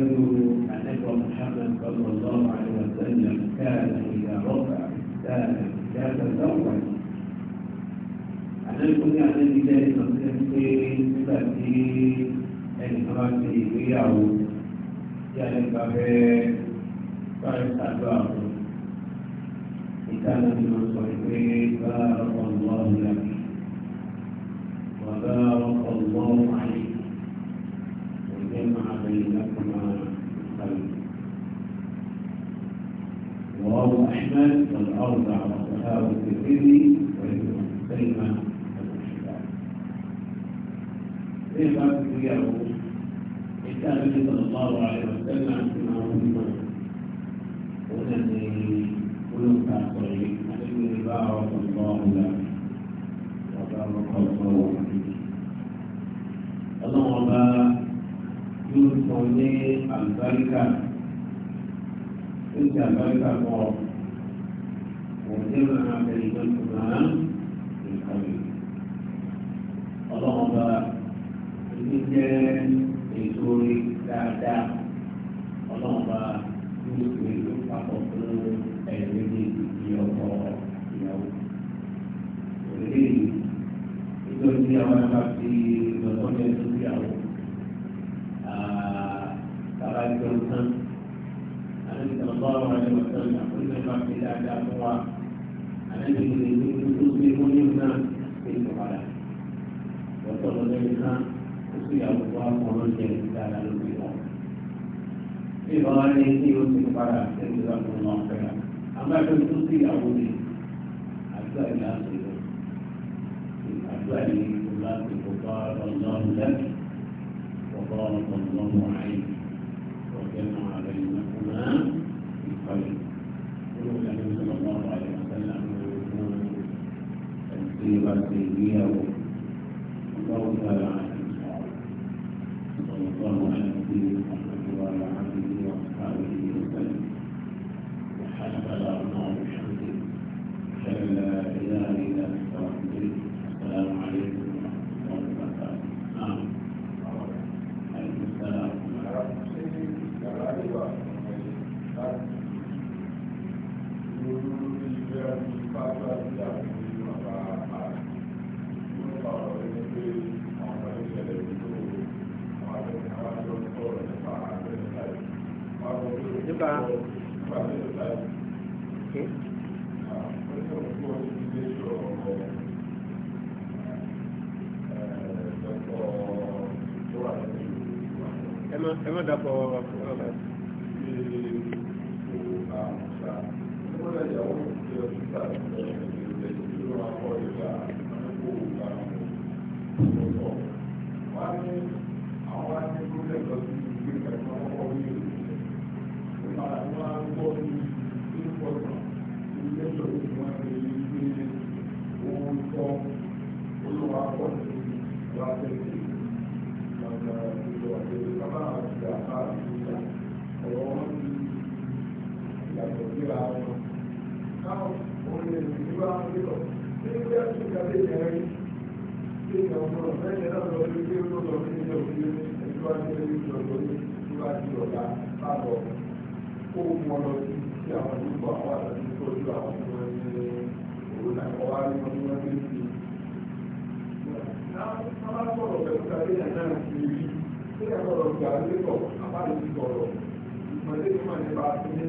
أن النبي محمد صلى الله عليه وسلم كان إذا رفع كتابا كتابا الأول أنا كنت على بداية مسيرتي بتأتي إخراجي وياه يعني كافي كافي بينكما القلب رواه أحمد والأربع وصحابه الترمذي وابن خزيمة والشباب كيف تبيعه النبي صلى الله عليه وسلم فيما هم ونني وننفع صحيح الذي بارك الله له وبارك الله ní àlùbáríkà ó ti àlùbáríkà pọ̀ òun ní ìlànà abẹ́rẹ́ ìjọba náà ìkọlù ọlọ́run bá ibi jẹ́ ètò orí dáadáa ọlọ́run bá ní ìlú papọ̀ fún ẹ̀rí ní ìyọkọ ìyàwó. Òrèlè yìí, ìjọba ìyàwó ẹ̀ fi lọ́sọ́dẹ̀ tó yàwó jẹun tán àlejò tó bá wà ní ọ̀sán ní àkójọ bá fi dáadáa fún wa àlejò tó lè ní tó gbé mú ní ìlú náà ṣe ìtọ́ padà lọ́tọ̀ lọ́dọ̀ yìí kan ó sì yàgò wá fún ọlọ́jẹ dáadáa ló fi wọn. bí ìbá wa ní kí o ti padà ṣẹ́yìn tó kún náà fẹ́ra àwọn àgbẹ̀ tó sì yàgò ní àdúrà ìlà àṣeyọ àdúrà ìlà àṣeyọ bá ọlọ́run lẹ́nu ọ̀pọ̀ ọ̀pọ̀ ọ̀pọ̀ ọ̀pọ̀ لنبتليهم káàbọ̀ kó mọ lọ sí sí àwọn ìlú àwọn àti ìtọ́jú àwọn ọmọ ẹgbẹ́ òun náà ọwá ní wọn ní wọn ti ń fi. Àwọn sọ̀rọ̀ pẹ̀lú kàdé yẹn náà ti rí kí ẹ sọ̀rọ̀ gbà lẹ́kọ̀ọ́ àbáyé ti sọ̀rọ̀ ìmọ̀lẹ́ ìmọ̀ nípa ti ní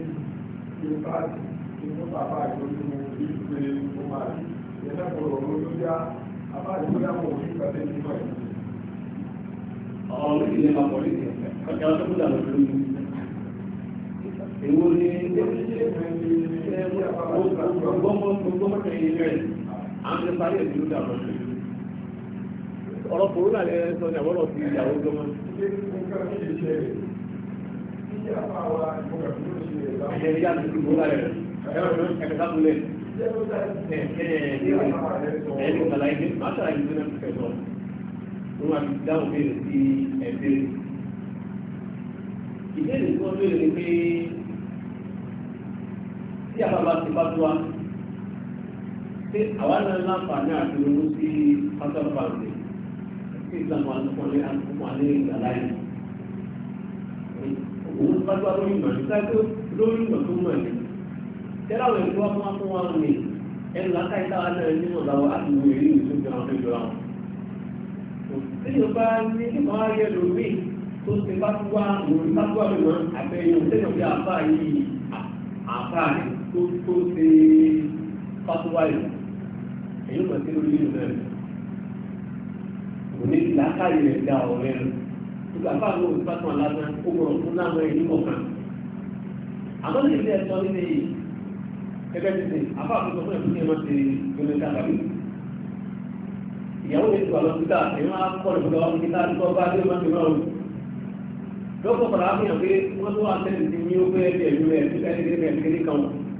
ìpáàdì ìmú bàbá ìtọ́jú mu bí ìpè ó máa rí ìyẹn náà sọ̀rọ̀ lójú yá àbáyé tó yá mọ̀ òní kàdé nípa ìlú. Ọ̀rọ̀ mi ti ní àpọ̀lì kẹ̀kẹ́ ọjọ́ tó kúta lọ́dún èwo ni gbọ́mọ́tò ilé rẹ̀ àwọn ti parí ẹ̀sìn lóde àwọn ọ̀sẹ̀ ọ̀rọ̀ kòrónà lẹ sọ ní àwọn ọ̀sẹ̀ ìyàwó gbọ́mọ́. ẹ̀yẹ ìyá mi ti kúrò láyé ẹ̀rọ ẹ̀kẹ́ sábúlẹ̀ ẹ̀yẹ ní kàlá ẹ̀yẹ máa ṣàlàyé ní ọ̀nà ìfẹ́ sọ wọ́n máa fi dáhùn béèrè sí ẹ̀bẹ̀rẹ̀ ìbéèrè tí wọ́n béèrè ni tí a bá bá ti bá tó wa pé àwa náà láǹfààní àti ronú sí pátá pàṣẹ sí ìsàmù àtúkọ̀lé àtúkọ̀ alẹ́ ìgbàlá yìí. òun bá tó wa lórí ìmọ̀ nígbà tó lórí ìmọ̀ tó mọ̀ ní. tẹ́lá òun ìlú ọmọ fún wa ní ẹnu láká ìta wa náà nínú ọ̀làwọ̀ láti wo èyí ìlú tó jẹun tó jọra wọn. òṣìṣẹ́ bá ní ìmọ̀ ayé lómi tó ti bá tó wa lórí pátá pàṣẹ àbẹ̀yẹ̀ òṣèlú bí àbá yìí àbá yìí tó tó ṣe fatuwa yìí èyí kò sí lórí ìlú rẹ̀ kò ní làákàyè rẹ̀ dá ọ̀rẹ́ rẹ̀ nígbà bá àwọn òṣìṣẹ́ fatuwa lásán ó gbọ́dọ̀ fún láwọn ẹ̀yìn kọ̀ọ̀kan àmọ́ ní ilé ẹ̀sọ́ nílé yìí gẹ́gẹ́ bí ṣe àbá àkókò fún ẹ̀kú ní ẹ̀rọ ṣe gbẹmẹta tàbí ìyàwó ètò àlọ́sítà èyí máa kọ́ ìgbà wọn kíkà tó bá dé ọmọdé náà rò lọ́pọ̀ pàrọ̀ àfihàn pé wọ́n tó wà tẹ́lẹ̀ sí ní ó fẹ́ ẹ̀ẹ́dẹ̀ẹ́dẹ́ ẹ̀ẹ́dẹ́gbẹ̀rẹ̀ kékeré kan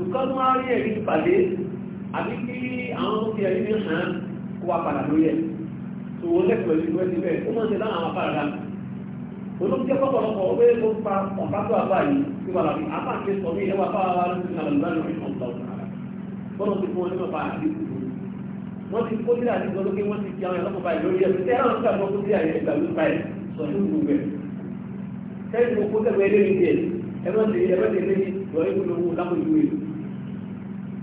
nǹkan tó máa rí ẹ̀rí ìpàdé àbí kí àwọn ti ẹ̀rí ní hàn kó wa padà lórí ẹ̀ tó wọ́n lẹ́kọ̀ọ́ ẹ̀rí ìwé síbẹ̀ ó máa ń ṣe láwọn àwọn afárá dáa olóòjẹ́ pọ̀pọ̀lọpọ̀ ó bẹ́ẹ̀ ló pa ọ̀pátó àbá yìí tí wà lábí apá àti sọ mí ẹwà fáwọn wa lóṣù náà lọ́dún lórí ọ̀pọ̀ bọ́lá ti fún wọn nípa bá àdínkù wọ́n ti kó sílẹ̀ àdínkù lókè wọ́n ti fi àwọn ẹ̀lọ́pọ̀ báyìí lórí ẹ̀ tẹ́ àwọn ọ̀sán ọkọ̀ sílẹ̀ àyẹ̀ ìgbà lóṣù báyìí sọ ní gbogbo ẹ̀ tẹ́lẹ̀ mo kó sẹ́gbẹ̀ẹ́ lé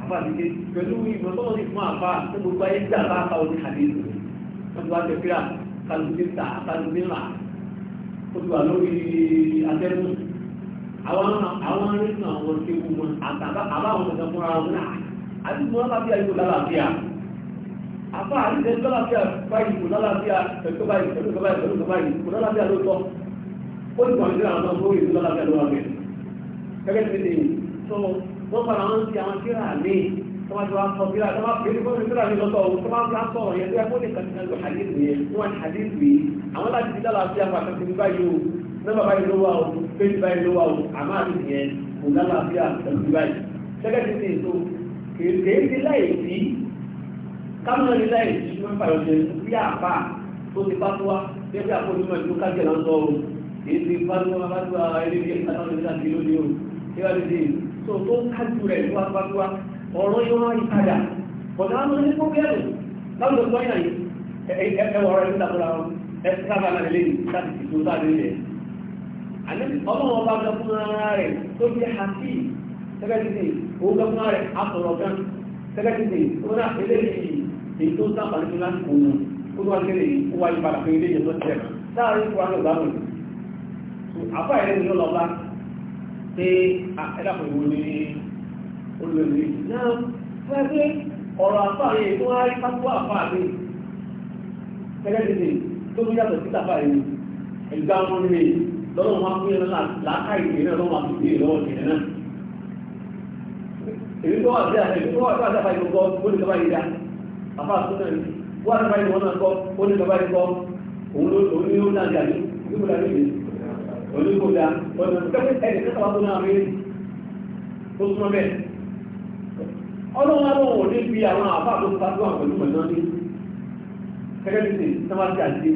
fàdíkẹ́ pẹ̀lú ìmọ̀ tó wọ́n ti fún àbá tó gbogbo ayé dà bá fa oní àdéhùn wọ́n ti wá jẹ pé àkàlùmíta àkàlùmíra ó ti wà lórí atẹ́gùn àwọn àwọn arìnrìn àwọn tí ó wọn àtàbá àbáwọn ọ̀sán fúnra wọn náà àti wọn bá bí ayé kò lálàáfíà àbá àríṣẹ́ tó lálàáfíà báyìí kò lálàáfíà pẹ̀lú báyìí pẹ̀lú báyìí pẹ̀lú báyìí kò lálàáfíà ló tọ́ ó ti kàn wọ́n padà wọ́n ti àwọn tíra mi wọ́n ti wá sọ tíra tó bá fèrè fún mi tíra mi lọ́tọ̀ òun tó bá ń sọ ọ̀rọ̀ yẹn tó yẹ kó lè kàtí náà lu hadith yẹn tó wà ní hadith yìí àwọn láti fi dára sí àwọn àkàtúntì báyìí o nọ́mbà báyìí ló wà o péjì báyìí ló wà o àmọ́ àti yẹn kò dára sí àkàtúntì báyìí sẹ́kẹ̀ ti ti tó kèé ti láì sí kámọ́ ní fà tó tó kájú rẹ̀ ní wáfáfá ọ̀rọ̀ yóò wá ìtajà bọ̀dá wọn ní kó bẹ́ẹ̀rù láwùjọ sọ yìí náà ẹwọ ọ̀rọ̀ ẹ̀kú tàbí ọ̀rọ̀ ẹ̀kú sábà náà lè láti fi tó sáré rẹ̀ àlẹ́bí ọlọ́run ọba gbẹ fún ara rẹ̀ tó fi hàtí sẹ́kẹ́tìtì owó gbẹ fún ara rẹ̀ asọ̀rọ̀ gan sẹ́kẹ́tìtì ó náà eléyìí èyí tó sábà nínú láti kó wọn kó tó wá kéré ó wáyé padà pé eléyìí tó tẹ̀ láàrin kó wá pé ẹ̀dàpọ̀ ìwò ní olùwẹ̀lú náà fẹ́ pé ọ̀rọ̀ àfáàrí tó wá rí pápọ̀ àfáàrí tẹ́lẹ̀dẹ̀dẹ̀ tó bí yàtọ̀ sí tàfáàrí ẹ̀gbá wọn ní lọ́rọ̀ wọn fún yẹn láàká ìwé náà lọ́wọ́ àti ìwé lọ́wọ́ ìwé náà èyí tó wà sí àfẹ́ tó wà sí àfáàrí gbogbo ó ní tọ́ba yìí dá àfáà tó náà wọ́n àfáàrí wọn náà kọ́ ó ní tọ́ba yìí kọ́ òun ló ní ó náà dàbí onígbòdà ọ̀nà ìgbẹ́sẹ̀ ẹ̀rẹ̀ tẹ́ta wà tó náà rí tó súnmọ́ bẹ́ẹ̀ ọlọ́run àwọn òní bí àwọn àbá tó pàtó àwọn pẹ̀lú mọ̀ náà ní kẹ́kẹ́bìtì sáwájú àti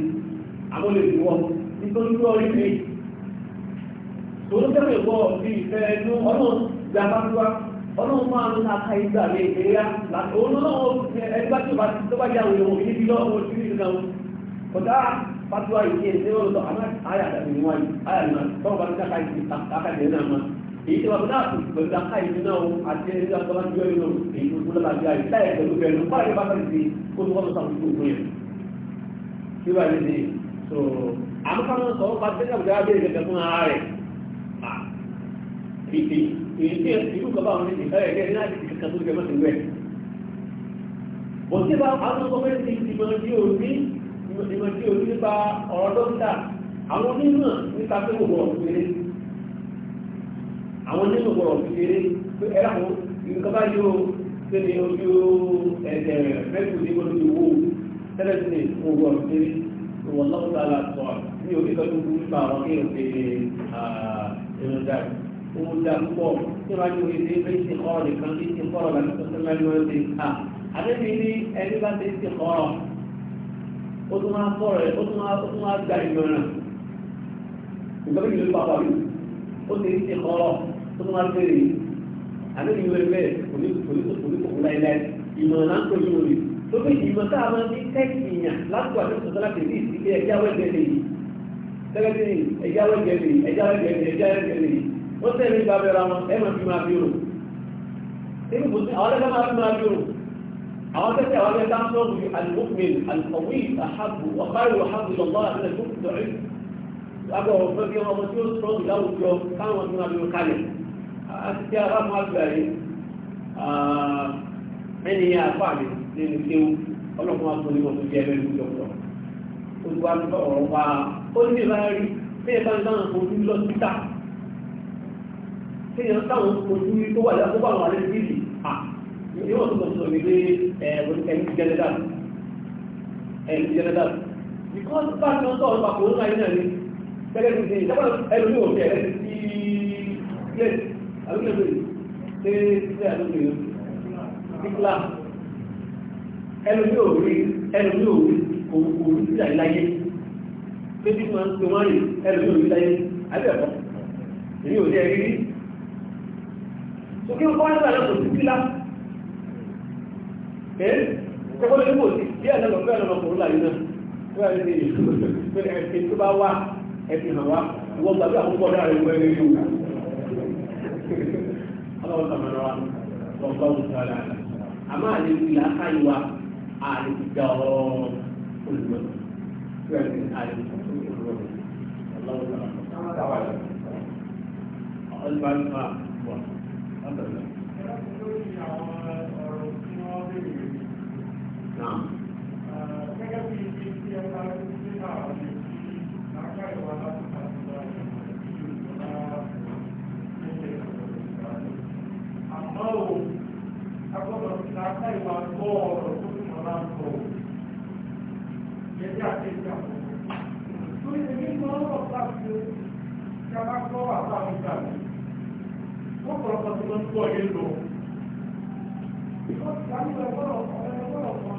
àwọn olè ìwọ́ nítorí tó rí pé tòun tẹ́lẹ̀ ìwọ́ bí ìfẹ́ ẹnu ọlọ́run gba bájúwá ọlọ́run máa ń ta ká ìgbà lè kéyà òun náà ẹgbẹ́ tó bá jáwé òun níbi lọ́wọ́ sí ìgbà ọ̀dà fatuwa yìí ṣe ṣe wọ́n lọ àmọ́ àyà àdàbí wọn yìí àyà náà tọ́wọ́ bá ń dáka yìí dáka yìí náà máa èyí tí wọ́n dáa pẹ̀lú dáka yìí náà àti ẹni tí wọ́n tọ́wọ́ jọ yìí náà èyí tó kú lọ́la bíi àyíká yẹn pẹ̀lú bẹ́ẹ̀ ló bá yẹn bá fẹ́ ti kó tó wọ́n lọ sàkóso òkú yẹn. tí wàá yìí ni so àmọ́ ká máa sọ ọ́ bá tẹ́lẹ̀ àbújá bẹ́ẹ̀ gẹ́gẹ́ fún ara rẹ̀ ìlú kọ́ba àwọn ènìyàn ẹ̀ ẹ̀ náà ti kàtó gẹ́gẹ́ mọ́tò rẹ̀ bọ̀ sí bá àwọn ọmọ ẹ̀ ti ti mọ́ tó ti mọ̀ sí orí nípa ọ̀rọ̀ dókítà àwọn onímọ̀ nípa pé kò gbọ́dọ̀ kéré àwọn onímọ̀ gbọ́dọ̀ kéré pé ẹ̀rọ àwọn nǹkan bá yóò tẹ́lẹ̀ ojú ẹ̀jẹ̀ mẹ́kù ní gbọ́dọ̀ ti wó tẹ́lẹ̀ sí ni kò gbọ́dọ̀ kéré tó wọ́n lọ́wọ́ tá a la sọ ní orí kan tó kú nípa àwọn kéèyàn ṣe ẹ̀rọ dà owó dà púpọ̀ tí wọ́n á ní orí ṣe é fẹ́ ṣe kọ́ ọ̀rọ̀ nìkan ó tún máa kọ́rọ̀ ẹ̀ ó tún máa gba ìmọ̀ràn nǹkan ìlú pàpà mi ó ti ti kọ́rọ̀ ó máa bèrè àdéhùn ìwé bẹ́ẹ̀ kò ní ìmọ̀ràn náà ń pè tó fi ìmọ̀ tá a máa ní kẹ́kìyàn lápò àti sọ̀tọ́ láti ní ìsìnkú ẹ̀já wẹ́gbẹ́ lè tẹ́lẹ̀tì ẹ̀já wẹ́gbẹ́ lè ẹ̀já wẹ́gbẹ́ lè ẹ̀já wẹ́gbẹ́ lè wọ́n tẹ̀lé ìgbà bẹ̀rẹ̀ wọn ẹ̀ máa fi máa bí òun àwọn tẹ́tẹ́ àwọn ẹgbẹ́ táwọn sọ́ọ̀rù alùpùpìn alùpàwí àhàbù ọ̀kárí àhàbù lọ́wọ́ àti ẹ̀kọ́ tọ̀rí lábọ̀ ọ̀fẹ́ bí ọmọ tí ó sọ́ọ̀rù láwùjọ káwọn tí wọ́n lò kalẹ̀ àti tí ara máa gbà yìí ẹni yẹn àfà mi nínú kéwù ọlọ́pàá máa tó ní ọdún jẹ́ ẹgbẹ́ ìlú jọ̀pọ̀ olùwà ọ̀rọ̀ pa ó ní ìlà yóò tó sọ wípé ẹ ẹni ti jẹrẹ dáàbò ẹni ti jẹrẹ dáàbò because bá a kan sọ ọ̀rọ̀ pàpọ̀ òun àyínà ni gẹ́gẹ́ bí ṣe ìjábọ̀ ẹlòmí ò tẹ̀ ẹni tí ilé àlùkò ìlú ṣe ṣe àlùkò ìlú ìkìlá ẹlòmí ò rí ẹlòmí ò rí òwò orí sí àìláyé pé bí wọ́n ti wọ́n rí ẹlòmí ò rí láyé àbẹ̀kọ́ èmi ò rí ẹ̀rí rí. sókè wọ́n ń gbà lọ́sọ̀ sí kílá ẹ́ eh? kọ́kọ́ lórí bò sí bí àná lọ́gbẹ́ ọ̀nà ọkùnrin láyé náà tó yà ní ẹ̀sìn tó bá wà ẹ̀sìn hàn wá wọ́n gbàgbé àkókò ọ̀dọ́ rẹ̀ wọ́n ẹ̀rí yóò ọlọ́wọ́ sàmọ́nà wa lọ́gbà òṣùwàlà àmọ́ àlè ìlà káyíwa àlè ìjà ọ̀rọ̀ olùwẹ̀ tó yà ní àlè olùwẹ̀ ọlọ́wọ́ sàmọ́nà ọlọ́wọ́ sàmọ́nà ọ̀rọ̀ tí wọ́n bèèrè àmọ́ o agbọ́dọ̀ ti ta ká ìwà gbọ́ ọ̀rọ̀ tó ti mọ̀ náà sọ o yẹn tí a ti gbà tó tó yẹ kí n lọ́wọ́ láti ṣe ká bá gbọ́ àbá mi gbà mí ó kọ̀ ọ̀pọ̀ tí wọ́n ń gbọ́ yẹn lọ. ìfọ̀sí àgbẹ̀ gbọ́dọ̀ ọ̀rẹ́ gbọ́dọ̀ kan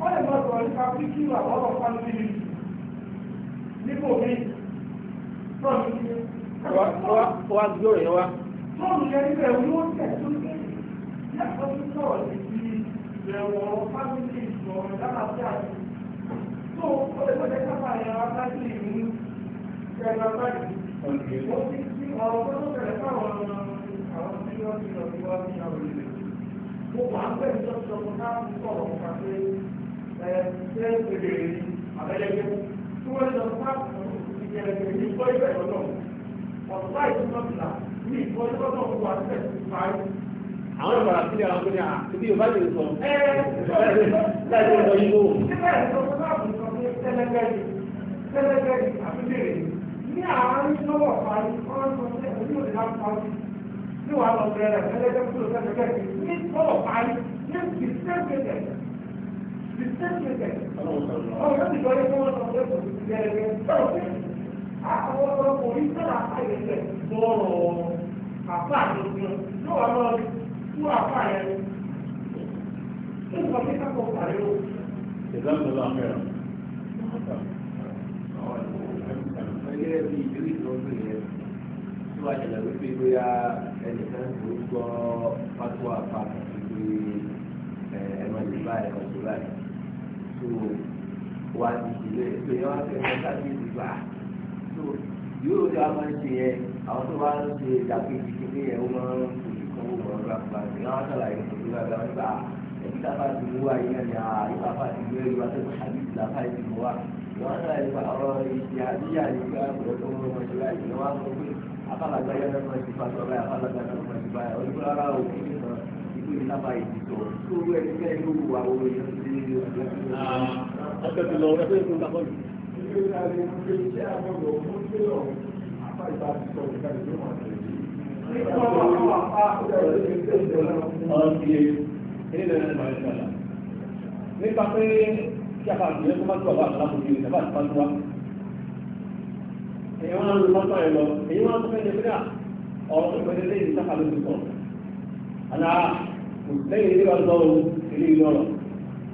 wọ́n lè máa sọ̀rọ̀ nípa píkì àwọn ọ̀rọ̀ fáńtì mi nípò mi tọ́ọ̀nù yẹn. wá gbé òrè wá. tọ́ọ̀nù yẹn níbẹ̀ yóò tẹ̀ tó dé yàtọ̀ tó sọ̀rọ̀ sí ìrẹ̀wọ̀n fáńtì ìṣòro lálàáfíà mi. tó o lè gbọ́dọ̀ sábà yẹn wá sáájú ìlú kẹrin abájú. ó ti kí ọ̀rọ̀ tó tẹ̀lé fáwọn àwọn tí wọ́n ti lọ sí wá sí àwọn ìlú. mo wà á bẹ̀rẹ̀ tó sọ fún ká sọ̀rọ̀ fún ṣe ń pèlè rí àwọn ìbára sílẹ̀ àwọn tó lè sọ. láti ọ̀dọ̀ yìí ló. síbẹ̀ ìtọ́jú láàbùn sọ pé tẹ́lẹ̀gẹ́rì ní àárín lọ́wọ́ parí wọ́n sọ pé òní ò dá parí ní wàá lọ bẹ̀rẹ̀ tẹ́lẹ̀gẹ́rì tó tẹ́lẹ̀gẹ́rì ní lọ́wọ́ parí ní ìṣẹ́gbẹ̀rẹ̀ Àwọn ọmọ orí sọ́ra àyẹ̀lẹ̀ bọ́ọ̀rọ̀ àpá àjọ̀gbọ̀n ló wà lọ fún àpá àyẹ̀lẹ̀. Ó sọ pé kápọ̀ pàdé o. Ìdáhùn lọ fẹ́ràn. Ẹgbẹ́ bí ìdílé ìtọ́jú yẹn tí wàá ṣẹlẹ̀ wípé bóyá ẹnìkan kò gbọ́ pátó àpá àti pé ẹ̀ ẹ̀ máa lè bá ẹ̀ tó wà ní ìlú ẹ̀ tó yẹ wá sí tó yóò tó a máa ń ṣe àwọn tó bá ń ṣe ìdàkejì kékeré yẹn ó máa ń fojú kan ó mọ̀ ọ́nà àgbà ní àwọn sàlàyé ìdòdó àgbà nígbà ẹ̀bí tàbá ti mú wa yẹn ni àyíká bá ti mú ẹ̀rọ àtẹ̀kọ̀ àbí ìlàpá ti mú wa ìwọ́n sàlàyé ọ̀rọ̀ ìṣe àbíyá ni pé tó mú ọmọ ìṣẹ̀lẹ̀ ọjọ́ nípa pé kí a bá gbìyànjú kó má tó ìjọba àti èyí wọn á lu mọ́tò lọ èyí wọn á tó fẹ́ ọ̀rọ̀ tó fẹ́ lé ìdí lóṣù kan àná lẹ́yìn ìdí wa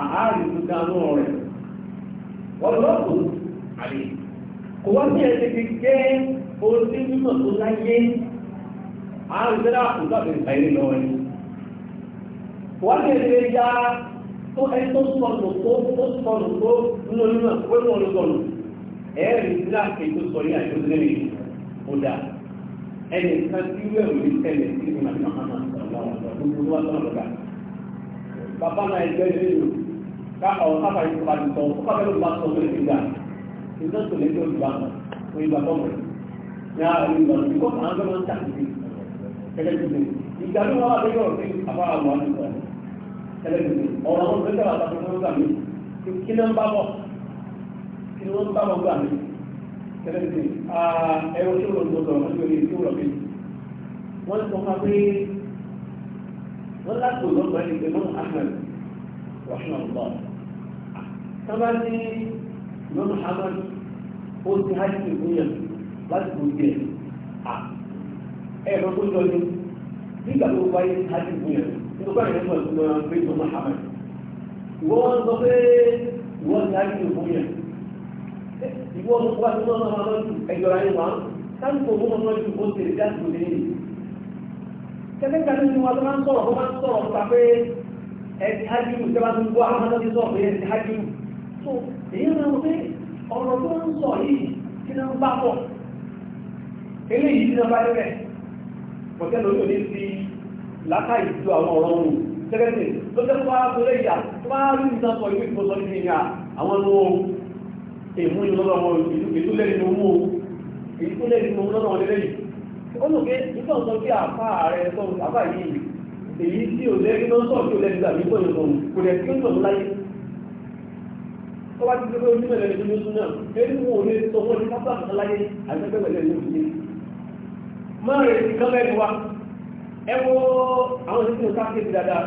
àárín ìdúgá náà rẹ̀ wọ́n lọ́kùn àlè kò wọ́n ní ẹ̀ṣẹ̀ ti jẹ́ orí mímọ̀ tó láyé àárín ìdúgá àkùnjọ́ àti ìgbàlè lọ́wọ́ ni wọ́n ní ẹ̀ṣẹ̀ ya tó ẹni tó sọnù tó tó sọnù tó nínú onímọ̀ pé wọ́n ló sọnù ẹ̀ẹ́rì ìdúgá ètò sọrí àjọ lẹ́yìn ó dáa ẹni kan tí wẹ́ẹ̀ ò ní sí ìmọ̀ àti màmá náà lọ́wọ́ lọ́wọ́ lọ́wọ́ bàbá náà ẹgbẹ́ lẹ́yìn ká àwọn sábà yìí tó bá ti sọ ó kábẹ́ bá sọ lórí ìgbà ìgbà tó lè tó ìgbà kan ìgbà tó mọ̀ ní àwọn ìgbà tó kọ́ àwọn tó máa ń tàbí kẹlẹ́ tó lè ìgbà tó wọ́n wá ọ̀rọ̀ sí àbára àwọn àdúgbò kẹlẹ́ tó lè ọ̀rọ̀ àwọn tó tẹ̀lé àtàkùn tó ń kí ló ń bá bọ̀ kí ló ń bá bọ̀ gbà mí tó lè ẹ̀rọ tó lọ sọ̀rọ̀ wọ́n sọ fún wọ́n láti lọ́gbọ̀n ẹni pé mọ́ àmàlù wàhálà ọ̀gbọ́n tọ́lá ní lọ́nà hamad ó ti hajj ìgbóyàn láti gbòógì ẹ̀ à ẹ̀ lọ tó lọ́ọ́ ní nígbà tó wáyé hajj ìgbóyàn nígbà tó yẹn mọ̀ ẹ̀ lọ́nà pé lọ́nà hamad ìwọ wọn sọ pé ìwọ ti hajj ìgbóyàn ìwọ wọn wá sí lọ́nà hamad ẹ̀jọ̀ra yẹn wá sáà kò mú ọmọ ju kó tèrè láti gbòógì ní kẹ́kẹ́ ní wọn tó máa ń sọ̀rọ̀ tó máa ń sọ̀rọ̀ nípa pé ẹ̀ ti hajj ìgbóyàn tó bá ti sọ̀rọ̀ pé ẹ̀ ti hajj ìgbóyàn tó èyí ń rán pé ọ̀rọ̀ tó ń sọ yìí kí ló ń bá bọ̀ eléyìí tí wọ́n bá lẹ́rẹ̀ pọ̀tẹ́ lórí òní ti látà ìjú àwọn ọ̀rọ̀ ohun tẹ́gẹ́tì tó tẹ́ fún ara tó tó bá rí nǹkan sọ ìwé ìfọ́sọ́ ní ìyá àwọn ọmọ èmú ìlọ́lọ́wọ́ ìlú lẹ́yìn tó mú ìlú lẹ́yìn tó mú lọ́nà wọn lẹ́yìn ó lò pé nígbà tó kí àfá rẹ̀ sọ àfá yìí èyí tí ò lẹ́yìn tó sọ̀ tí ò lẹ́yìn tó àbí tó bá ti dúró ní mẹ́lẹ̀ ní oṣù náà ẹni wo lè sọ wọ́n ní pápá àti aláyé àgbẹ̀gbẹ̀lẹ̀ ní oṣù yìí máa rẹ̀ ti kán mẹ́rin wa ẹ wo àwọn ìṣẹ́ ìṣẹ́ káàkiri dáadáa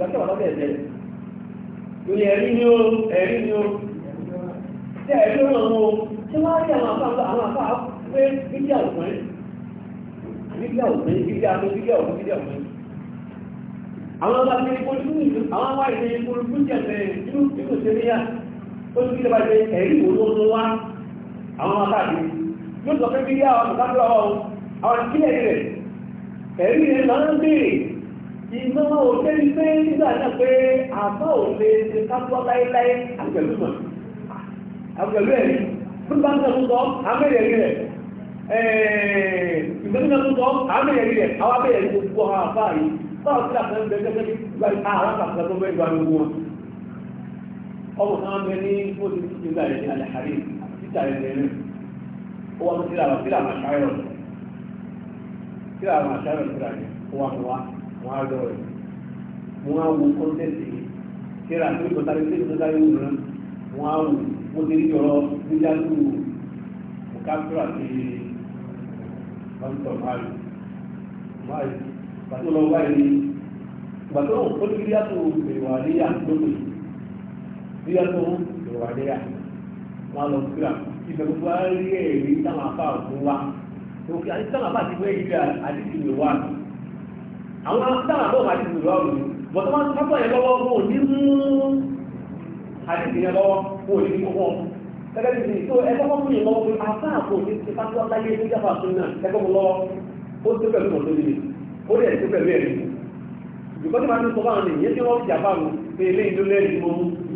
láti wà lọ́sẹ̀ ẹ̀jẹ̀ lórí ẹ̀rí ni ó ẹ̀rí ni ó ṣe ẹ̀rí ó ràn wọ́n ṣé wọ́n á rí àwọn afá àwọn afá pé bíbí àwòrán bíbí àwòrán bíbí àwòrán bíbí àwòrán bíbí àwòrán àwọn ọba ti ní polúkú àwọn wáyé ní polúkú jẹ̀mẹ̀ nínú ìlú sẹ́ríyà ó tún kí bá ṣe ẹ̀rí wo wá àwọn ọmọ yóò sọ pé bí yá àwọn ọmọ káàkiri àwọn ìpínlẹ̀ rẹ̀ ẹ̀rí rẹ̀ máa ń béèrè iná òtẹ́ni pé nígbà náà pé àbá ò lè ṣe kápọ́ láéláé àgbẹ̀lú mọ̀ àgbẹ̀lú ẹ̀rí bí ń sọ fún àmẹ́rẹ̀rí rẹ̀ ìgbẹ́sìn náà ọmọ kan bẹ ní bóde títí nígbà yẹn ní alẹ́hàrí títà yẹn lẹ́nu ó wà sí àwọn sílà àwọn àṣàyọ̀ sílà àwọn àṣàyọ̀ sílà yẹn ó wà wá wọn á lọ rẹ̀ wọn á wo kọ́ńtẹ́ǹtì síra tó ń tọ́ta lẹ́sẹ̀ tó sáré wù náà wọn á wò mo ti rí ọ̀rọ̀ níjà tó bùkátúrà ti pásítọ̀ máàlì máàlì pàtó lọ wáyé gbàtọ́ òkú ní bí a tó bèrè wà ní àgbẹ̀wò ìdílé tó ń lò wà léyà wọn lọ síra ibẹ̀ gbogbo wa rí èrè táwọn afá òkun wa òkè àti táwọn afá ti wẹ́ ìdílé àdìsí lò wà àwọn táwọn afá òkun àdìsí lò wà lò bọ̀ tó máa ń sábà yẹn lọ́wọ́ fún òní mú àdìsí yẹn lọ́wọ́ fún òní mú wọn gẹ́gẹ́ bí ìṣó ẹgbẹ́ wọn fún yẹn lọ́wọ́ fún afá àpò òní ti pátí wọn láyé ní jáfà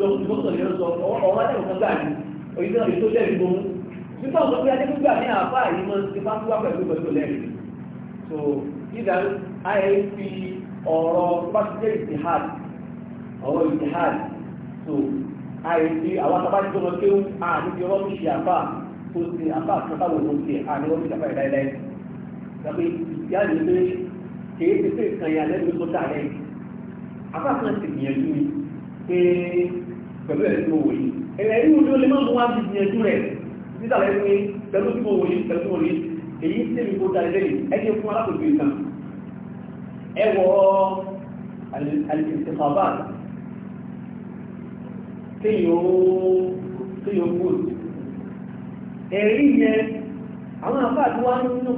lọ́sọ̀rọ̀ yẹn sọ ọwọ́ adẹ́kùn kan gbà ní òyìn náà ètò lẹ́rìí gbóhùn nípa ọ̀sọ̀ pé adẹ́kùn gbà ní àbá yìí mọ́ ti máa ń wá pẹ̀lú pẹ̀lú lẹ́rìí so ìdá ayé fi ọ̀rọ̀ pàṣẹ ìtìhàd ọ̀rọ̀ ìtìhàd so ayé fi àwọn akábájú tó lọ kéwù àti fi ọwọ́ fi ṣe àbá tó ti àbá kan táwọn òun ti àní wọ́n fi ṣàfà ìdáyẹlẹ́ gbàgbé ìyá mi pé kèé ti pé ìkànnì alẹ́ mi tó dà lẹ́yìn àbá kan ti gbìyànjú mi pé pẹ̀lú ẹ̀rí tí mo wò yìí ẹ̀rí ojú lè má mú wá bí ìyẹ̀dú rẹ̀ títà rẹ̀ pé pẹ̀lú tí mo wò yìí pẹ̀lú mo rí èyí tí èmi kó darí lẹ́yìn ẹjẹ́ fún alákòókò ìtàn ẹ wọ alìsìkàbà kéèyàn kú ẹ̀rí yẹn àwọn àbáàdì wa nínú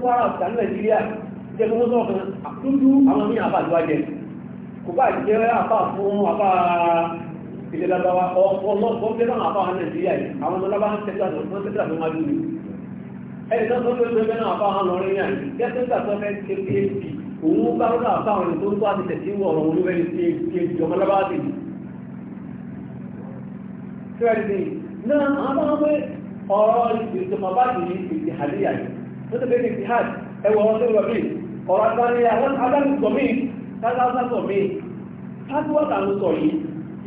Kwara ilé lábáwá ọ̀pọ̀lọpọ̀ tẹ́lá àfáà nàìjíríà yìí àwọn ọmọ lábáwá tẹ́lá tó tẹ́lá tó máa dúró ẹni tó tó tó tẹ́lá àfáà lọ́rin náà gẹ́sẹ́ńtà tó fẹ́ ṣe phd òun bá rọ́dà àfáà rẹ̀ tó ń bá ti tẹ̀sí wọ ọ̀rọ̀ olúwẹ́ ní phd ọmọ lábáwá ti dì. fẹ́ẹ̀dì náà àwọn ọmọ pé ọ̀rọ̀ ìgbìmọ̀ bá ti ìdí àlíyà yìí tó tó fẹ́ ti hàd ẹwọ ọ̀rọ̀ tó rọ̀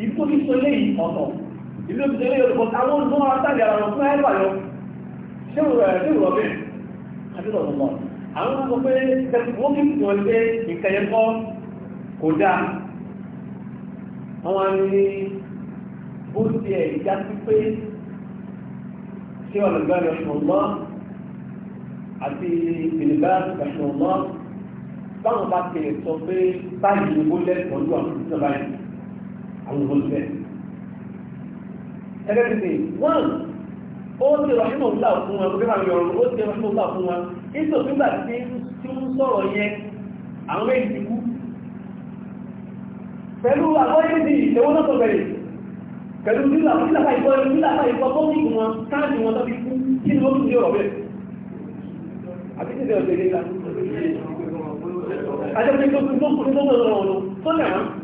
ìfúnnisọlé yìí ọ̀tọ̀ ìlú ìfúnnisọlé yìí ọ̀tọ̀ àwọn olùdókòwò àtàlẹ̀ àwọn ọ̀tún ẹ̀fà ṣé ìrọ̀ bẹ́ẹ̀ àti ọ̀tọ̀ mọ̀ àwọn ọmọ pé tẹkùnwókì tí wọ́n gbé ìkẹyẹ kò dáa àwọn ni ó ti ẹ̀ ìjà sí pé ṣé ọ̀lọ́gbà rẹ̀ṣọ̀lọ́ àti ìlúgbà rẹ̀ṣọ̀lọ́ báwọn bá ti sọ pé báyìí ló lẹ́kọ̀ọ́ lù àwọn olùfẹ́ ẹgbẹ́gbẹ́ wọ́n ó ti rọ̀ṣínà ńlá fún wọn gbogbo àwọn ọ̀rọ̀ ó ti rọ̀ṣínà ńlá fún wọn nígbà nígbà tí ó ń sọ̀rọ̀ yẹn àwọn méjì ti kú pẹ̀lú àgbọ́yẹ́dì ìṣẹ́wọ́n náà sọ̀bẹ̀rẹ̀ pẹ̀lú nílàpá ìgbọ́ nílàpá ìgbọ́ tó ní ìgbìmọ̀ káàdì wọn tó fi kú kí ni ó tún ní ọ̀rọ̀ bẹ́ẹ̀ àbí tí ìṣẹ́ ọ̀sẹ̀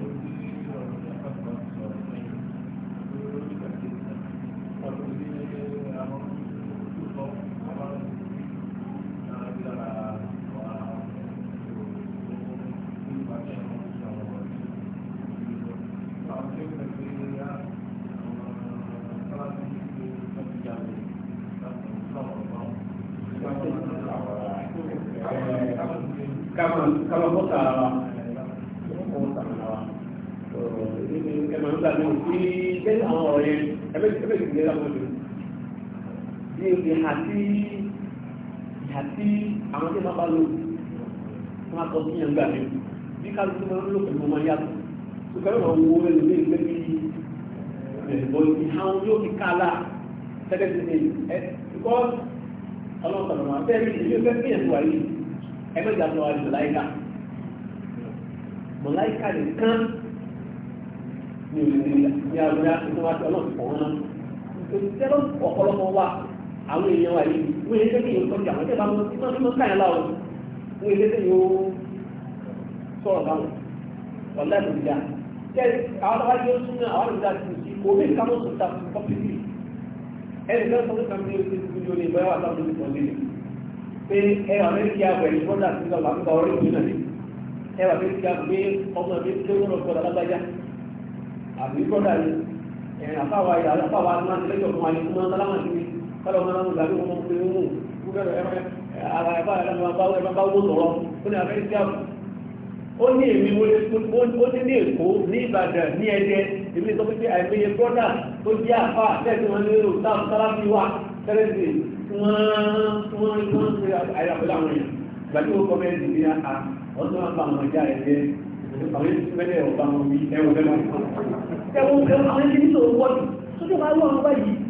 ìhà tí ìhà tí àwọn tí wọ́n bá lò wọ́n á kọ́ sí yẹn gbà mí bí kálukú máa ń lò pẹ̀lú wọn yàtọ̀ ṣùgbọ́n ìwọ̀n wo ẹni lé ìgbé bí ẹ̀bọ̀ ìhà wọn yóò fi kálá tẹ́lẹ̀ tẹ́lẹ̀ ẹ̀ bíkọ́ ọlọ́pàá máa fẹ́ rí ìlú ẹgbẹ́ fíyẹn wà yìí ẹgbẹ́ ìjà lọ́wọ́ àti mọ̀láìkà mọ̀láìkà nìkan ní ní àgbẹ̀dá tó àwọn èèyàn wà yìí wọ́n yẹ kí èèyàn kọjá àwọn ìjọba wọn tí wọ́n káyà láwọn wọ́n yẹ kí èèyàn sọ̀rọ̀ báwọn ọ̀la ìgbìyà kẹ́ àwọn tó bá yẹ sún náà àwọn ìgbìyà ti sí kò ní ìkámọ́ sùn ta kọ́pìtì ẹni tó ń sọ nípa mi ti ti lórí ìgbà wà láwọn olùkọ́ lé pé ẹ wà fẹ́ kí awọ ẹ̀yìn bọ́dà tó ń rọ̀ lágbájá àbí bọ́dà ni àfáwà ní kálọ̀ máa ń gbà ní ọmọ pé mú gbúgbẹ́rẹ̀ ara ẹ̀fà ẹ̀fà bá wọ́n sọ̀rọ̀ ó ní abẹ́ sí àpò ó ní èmi wọlé ó ní ní èkó ní ìbàdàn ní ẹ̀dẹ́ èmi sọ pé àìmọye brọ́dà tó jẹ́ àfà tẹ́sí wọn lérò táwọn sálábí wà tẹ́lẹ̀sì wọ́n wọ́n ṣe àyàpẹ̀lẹ̀ àwọn èèyàn ìgbà tí ó kọ́mẹ́ntì ní àhà ọdún máa bá àwọn ìjà ẹ̀jẹ̀ àwọn ìṣẹ́lẹ̀ ọ̀bá wọn bí ẹwọ̀n bẹ́ẹ̀ máa ń kọ́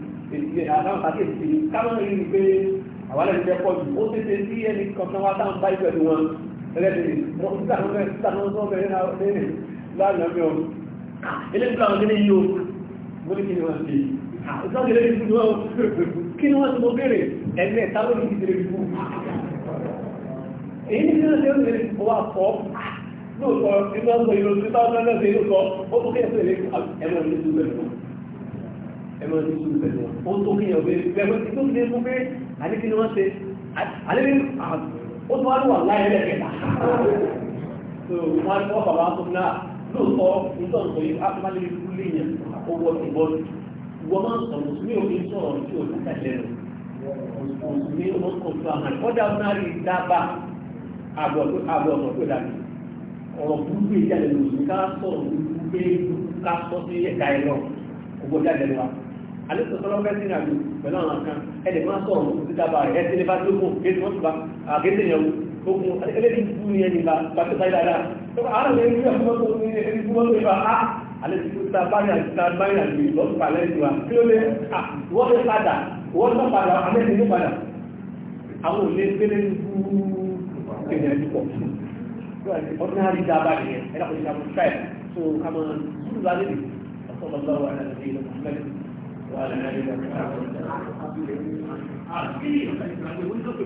èdè àdáhùn àti èdè káwọn rí i pé àwọn ẹni jẹ pọ̀ jù ó tètè sí ẹni kankan wá táwọn báyìí pẹ̀lú wọn ẹlẹ́dẹ̀ẹ́ wọn sísà wọn bẹ̀rẹ̀ sísà wọn sọ bẹ̀rẹ̀ náà lẹ́yìn láàrin ọmọ ọmọ eléyìí tó àwọn kíní yìí o mo ní kí ni wọ́n ṣe ìsọ́jú eléyìí tó wọ́n kí ni wọ́n ti mo béèrè ẹ̀mẹ́ táwọn ní ìdílé fún un èyí ní kí wọ́n ṣe ń lè wà fọ́ lóòótọ́ nígbà tó ẹ̀rọ ti sùn pẹ̀lú ó tó kí ẹ̀rọ pẹ̀lú ti tó kílé fún pé àdékí ni wọ́n ṣe àdékí ah, ó tó wá ló wà láyé lẹ́kẹ̀ẹ́ta so wọ́n fọ́ bàbá tó náà lóòótọ́ nítorí pé afúnmálérí fún léèyàn owó ti bọ́ wọ́n máa ń sọ mùsùlùmí òní sọ̀rọ̀ tí ò ní tẹ̀lé rẹ̀ mùsùlùmí ó ń kọ̀ọ̀tù àwọn ọ̀dà ọ̀nàrí dábàá àbọ̀ ọ̀sọ̀ pé dàbí ọ̀rọ̀ burúkú ìjáde lòsùn ká sọ̀rọ̀ burúkú pé ká sọ sí ẹ̀ka ẹ̀ àlejò sọ́lọ́ àwọn kan ẹni máa sọ̀rọ̀ mú sí dábàá rẹ̀ ẹtí ní bá tó kún kéde wọ́n ti bá àgéde yẹn ogun ni ẹni bá bá tó báyìí dáadáa tó bá àárọ̀ ẹni yóò fún ọkọ̀ ní ẹni fún ọkọ̀ ìbá á àlejò tó ta báyà ta báyà ní lọ́sùn pàlẹ́ ìlú wa kí ló lé à wọ́n fẹ́ padà wọ́n tó padà àmẹ́sì ní padà àwọn òlé gbélé وعلى آله وصحبه